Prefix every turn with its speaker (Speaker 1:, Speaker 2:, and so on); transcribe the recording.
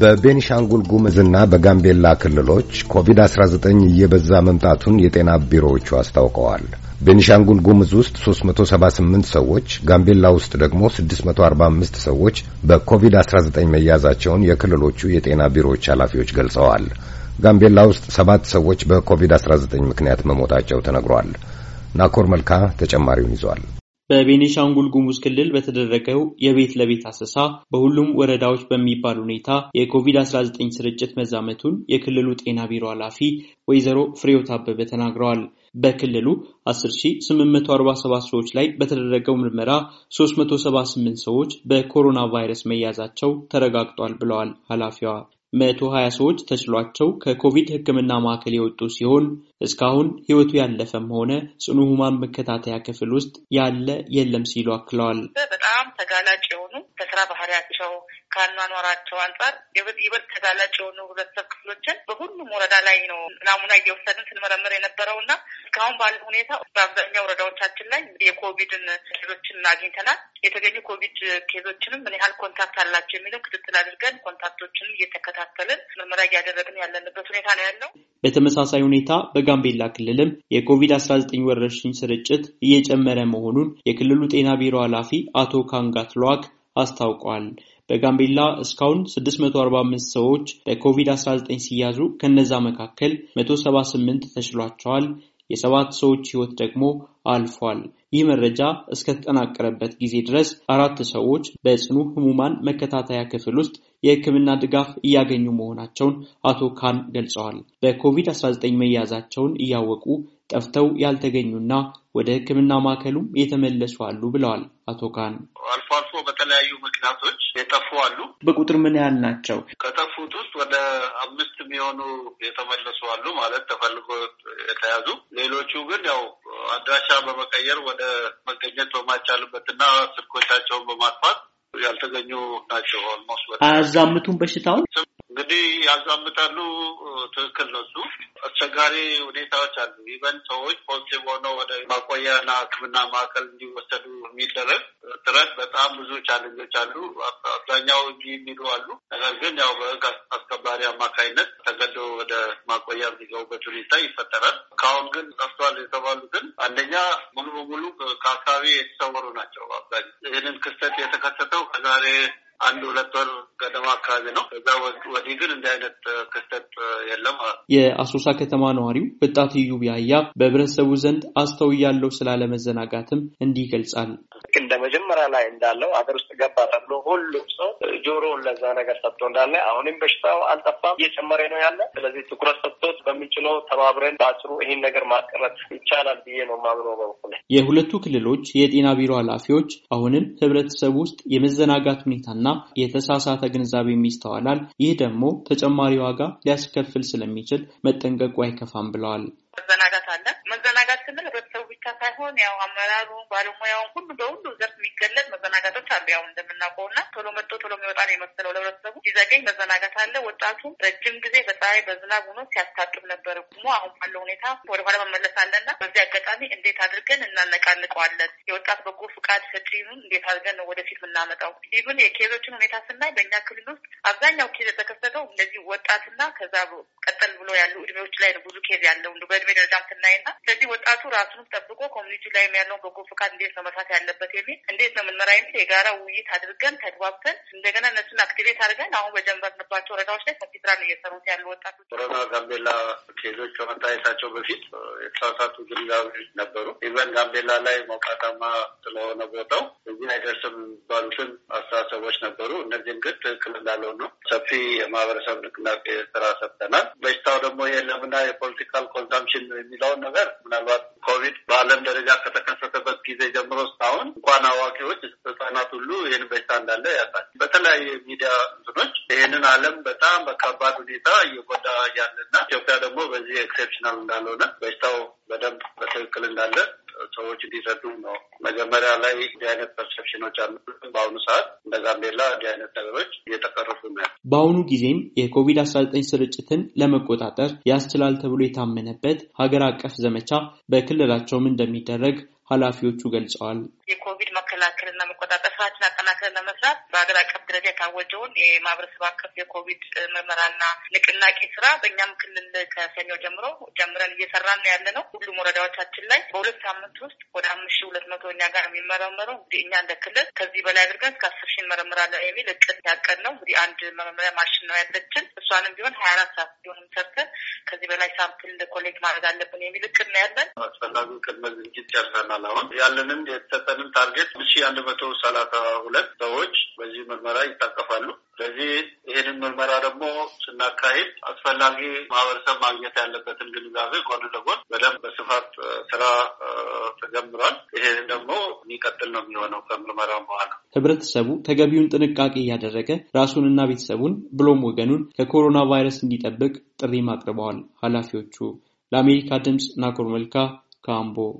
Speaker 1: በቤኒሻንጉል ጉምዝና በጋምቤላ ክልሎች ኮቪድ-19 እየበዛ መምጣቱን የጤና ቢሮዎቹ አስታውቀዋል። ቤኒሻንጉል ጉምዝ ውስጥ 378 ሰዎች፣ ጋምቤላ ውስጥ ደግሞ 645 ሰዎች በኮቪድ-19 መያዛቸውን የክልሎቹ የጤና ቢሮዎች ኃላፊዎች ገልጸዋል። ጋምቤላ ውስጥ ሰባት ሰዎች በኮቪድ-19 ምክንያት መሞታቸው ተነግሯል። ናኮር መልካ ተጨማሪውን ይዟል።
Speaker 2: በቤኒሻንጉል ጉሙዝ ክልል በተደረገው የቤት ለቤት አሰሳ በሁሉም ወረዳዎች በሚባል ሁኔታ የኮቪድ-19 ስርጭት መዛመቱን የክልሉ ጤና ቢሮ ኃላፊ ወይዘሮ ፍሬዮት አበበ ተናግረዋል። በክልሉ 10847 ሰዎች ላይ በተደረገው ምርመራ 378 ሰዎች በኮሮና ቫይረስ መያዛቸው ተረጋግጧል ብለዋል ኃላፊዋ። መቶ ሀያ ሰዎች ተችሏቸው ከኮቪድ ሕክምና ማዕከል የወጡ ሲሆን እስካሁን ህይወቱ ያለፈም ሆነ ጽኑ ህሙማን መከታተያ ክፍል ውስጥ ያለ የለም ሲሉ አክለዋል። በጣም ተጋላጭ የሆኑ ከስራ ባህሪያቸው ከአኗኗራቸው አንጻር
Speaker 3: ይበልጥ ተጋላጭ የሆኑ ህብረተሰብ ክፍሎችን በሁሉም ወረዳ ላይ ነው ናሙና እየወሰድን ስንመረምር የነበረው እና እስካሁን ባለ ሁኔታ በአብዛኛው ወረዳዎቻችን ላይ የኮቪድን ኬዞችን አግኝተናል። የተገኙ ኮቪድ ኬዞችንም ምን ያህል ኮንታክት አላቸው የሚለው ክትትል አድርገን
Speaker 2: ኮንታክቶችንም እየተከታተልን ምርመራ እያደረግን ያለንበት ሁኔታ ነው ያለው። በተመሳሳይ ሁኔታ በጋምቤላ ክልልም የኮቪድ አስራ ዘጠኝ ወረርሽኝ ስርጭት እየጨመረ መሆኑን የክልሉ ጤና ቢሮ ኃላፊ አቶ ካንጋት ለዋክ አስታውቋል። በጋምቤላ እስካሁን 645 ሰዎች በኮቪድ-19 ሲያዙ ከነዛ መካከል 178 ተችሏቸዋል። የሰባት ሰዎች ህይወት ደግሞ አልፏል። ይህ መረጃ እስከተጠናቀረበት ጊዜ ድረስ አራት ሰዎች በጽኑ ህሙማን መከታተያ ክፍል ውስጥ የህክምና ድጋፍ እያገኙ መሆናቸውን አቶ ካን ገልጸዋል። በኮቪድ-19 መያዛቸውን እያወቁ ጠፍተው ያልተገኙና ወደ ሕክምና ማዕከሉም የተመለሱ አሉ ብለዋል አቶ ካን። አልፎ አልፎ በተለያዩ ምክንያቶች የጠፉ አሉ። በቁጥር ምን ያህል ናቸው? ከጠፉት ውስጥ ወደ አምስት የሚሆኑ የተመለሱ አሉ ማለት ተፈልጎ የተያዙ ሌሎቹ ግን ያው አድራሻ በመቀየር ወደ መገኘት በማይቻልበትና ስልኮቻቸውን በማጥፋት ያልተገኙ ናቸው። አልሞስ አያዛምቱም በሽታውን እንግዲህ ያዛምታሉ።
Speaker 1: ትክክል ነሱ አስቸጋሪ ሁኔታዎች አሉ። ኢቨን ሰዎች ፖዚቲቭ ሆነው ወደ ማቆያና ሕክምና ማዕከል እንዲወሰዱ የሚደረግ ጥረት በጣም ብዙ ቻለንጆች አሉ። አብዛኛው እምቢ የሚሉ አሉ። ነገር ግን ያው በህግ አስከባሪ አማካኝነት ተገዶ ወደ ማቆያ የሚገቡበት ሁኔታ ይፈጠራል። ከአሁን ግን ጠፍቷል የተባሉ ግን አንደኛ ሙሉ በሙሉ ከአካባቢ የተሰወሩ ናቸው። አብዛኛው ይህንን ክስተት የተከሰተው ከዛሬ አንድ ሁለት ወር
Speaker 2: ገደማ አካባቢ ነው። እዛ ወዲህ ግን እንዲህ አይነት ክስተት የለም። የአሶሳ ከተማ ነዋሪው ወጣት እዩ ቢያያ በህብረተሰቡ ዘንድ አስተውያለሁ ስላለመዘናጋትም እንዲህ ይገልጻል።
Speaker 1: እንደ መጀመሪያ ላይ እንዳለው አገር ውስጥ ገባ ተብሎ ሁሉም ሰው ጆሮውን ለዛ ነገር ሰጥቶ እንዳለ አሁንም በሽታው አልጠፋም፣ እየጨመረ ነው ያለ። ስለዚህ ትኩረት ሰጥቶት በሚችለው ተባብረን በአጭሩ ይህን ነገር ማስቀረት ይቻላል
Speaker 2: ብዬ ነው የማምነው። በበኩል የሁለቱ ክልሎች የጤና ቢሮ ኃላፊዎች አሁንም ህብረተሰቡ ውስጥ የመዘናጋት ሁኔታና የተሳሳተ ግንዛቤም ይስተዋላል። ይህ ደግሞ ተጨማሪ ዋጋ ሊያስከፍል ስለሚችል መጠንቀቁ አይከፋም ብለዋል።
Speaker 3: ሳይሆን ያው አመራሩ ባለሙያውን ሁሉ በሁሉ ዘርፍ የሚገለጽ መዘናጋቶች አሉ። ያው እንደምናውቀው እና ቶሎ መጥቶ ቶሎ የሚወጣ ነው የመሰለው ለህብረተሰቡ ሲዘገኝ መዘናጋት አለ። ወጣቱ ረጅም ጊዜ በፀሐይ በዝናብ ሆኖ ሲያስታጥብ ነበር። ደግሞ አሁን ባለው ሁኔታ ወደኋላ መመለስ አለና በዚህ አጋጣሚ እንዴት አድርገን እናነቃንቀዋለን? የወጣት በጎ ፍቃድ ህድሪኑን እንዴት አድርገን ነው ወደፊት የምናመጣው? ኢቭን የኬዞችን ሁኔታ ስናይ በእኛ ክልል ውስጥ አብዛኛው ኬዝ የተከሰተው እንደዚህ ወጣትና ከዛ ቀጠል ብሎ ያሉ እድሜዎች ላይ ነው ብዙ ኬዝ ያለው በእድሜ ደረጃም ስናይና ስለዚህ ወጣቱ ራሱን ጠብቆ ልጁ ላይ ያለው በጎ ፍቃድ እንዴት ነው መስራት ያለበት የሚል እንዴት ነው የምንመራ የሚል የጋራ ውይይት አድርገን ተግባብተን እንደገና እነሱን አክቲቬት አድርገን አሁን በጀመርንባቸው ወረዳዎች ላይ ሰፊ ስራ ነው እየሰሩት ያሉ ወጣቶች።
Speaker 1: ኮሮና ጋምቤላ ኬዞች ከመታየታቸው በፊት የተሳሳቱ ግንዛቤዎች ነበሩ። ኢቨን ጋምቤላ ላይ ሞቃታማ ስለሆነ ቦታው እዚህ አይደርስም ባሉትን አስተሳሰቦች ነበሩ። እነዚህም ግን ትክክል እንዳለው ነው ሰፊ የማህበረሰብ ንቅናቄ ስራ ሰብተናል። በሽታው ደግሞ የለምና የፖለቲካል ኮንሳምፕሽን የሚለውን ነገር ምናልባት ኮቪድ በዓለም ደረጃ ደረጃ ከተከሰተበት ጊዜ ጀምሮ እስካሁን እንኳን አዋቂዎች ህጻናት ሁሉ ይህን በሽታ እንዳለ ያሳል። በተለያዩ ሚዲያ እንትኖች ይህንን ዓለም በጣም በከባድ ሁኔታ እየጎዳ ያለና ኢትዮጵያ ደግሞ በዚህ ኤክሴፕሽናል እንዳልሆነ በሽታው በደንብ በትክክል እንዳለ ሰዎች እንዲረዱ ነው። መጀመሪያ ላይ እንዲህ
Speaker 2: አይነት ፐርሰፕሽኖች አሉ። በአሁኑ ሰዓት እንደ ጋምቤላ እንዲህ አይነት ነገሮች እየተቀረፉ ነው። በአሁኑ ጊዜም የኮቪድ አስራ ዘጠኝ ስርጭትን ለመቆጣጠር ያስችላል ተብሎ የታመነበት ሀገር አቀፍ ዘመቻ በክልላቸውም እንደሚደረግ ኃላፊዎቹ ገልጸዋል።
Speaker 3: የኮቪድ መከላከልና መቆጣጠር ስራችን አጠናክረን ለመስራት ሀገር አቀፍ ደረጃ የታወጀውን የማህበረሰብ አቀፍ የኮቪድ ምርመራና ንቅናቄ ስራ በእኛም ክልል ከሰኞ ጀምሮ ጀምረን እየሰራን ያለ ነው። ሁሉም ወረዳዎቻችን ላይ በሁለት ሳምንት ውስጥ ወደ አምስት ሺ ሁለት መቶ እኛ ጋር የሚመረመሩ እንግዲህ እኛ እንደ ክልል ከዚህ በላይ አድርገን እስከ አስር ሺ እንመረምራለን የሚል እቅድ ያቀድ ነው። እንግዲህ አንድ መመሪያ ማሽን ነው ያለችን። እሷንም ቢሆን ሀያ አራት ሰዓት ቢሆንም ሰርተን ከዚህ በላይ ሳምፕል ኮሌክት ማድረግ አለብን የሚል እቅድ ነው ያለን።
Speaker 1: አስፈላጊ ቅድመ ዝግጅት ጨርሰናል። አሁን ያለንም የተሰጠንም ታርጌት ሺ አንድ መቶ ሰላሳ ሁለት ሰዎች ምርመራ ይታቀፋሉ። ስለዚህ ይህንን ምርመራ ደግሞ ስናካሂድ አስፈላጊ ማህበረሰብ ማግኘት ያለበትን ግንዛቤ ጎን ለጎን በደንብ
Speaker 3: በስፋት ስራ ተጀምሯል። ይህንን ደግሞ የሚቀጥል ነው
Speaker 2: የሚሆነው ከምርመራ በኋላ ህብረተሰቡ ተገቢውን ጥንቃቄ እያደረገ ራሱንና ቤተሰቡን ብሎም ወገኑን ከኮሮና ቫይረስ እንዲጠብቅ ጥሪ አቅርበዋል ኃላፊዎቹ። ለአሜሪካ ድምፅ ናኮር መልካ ካምቦ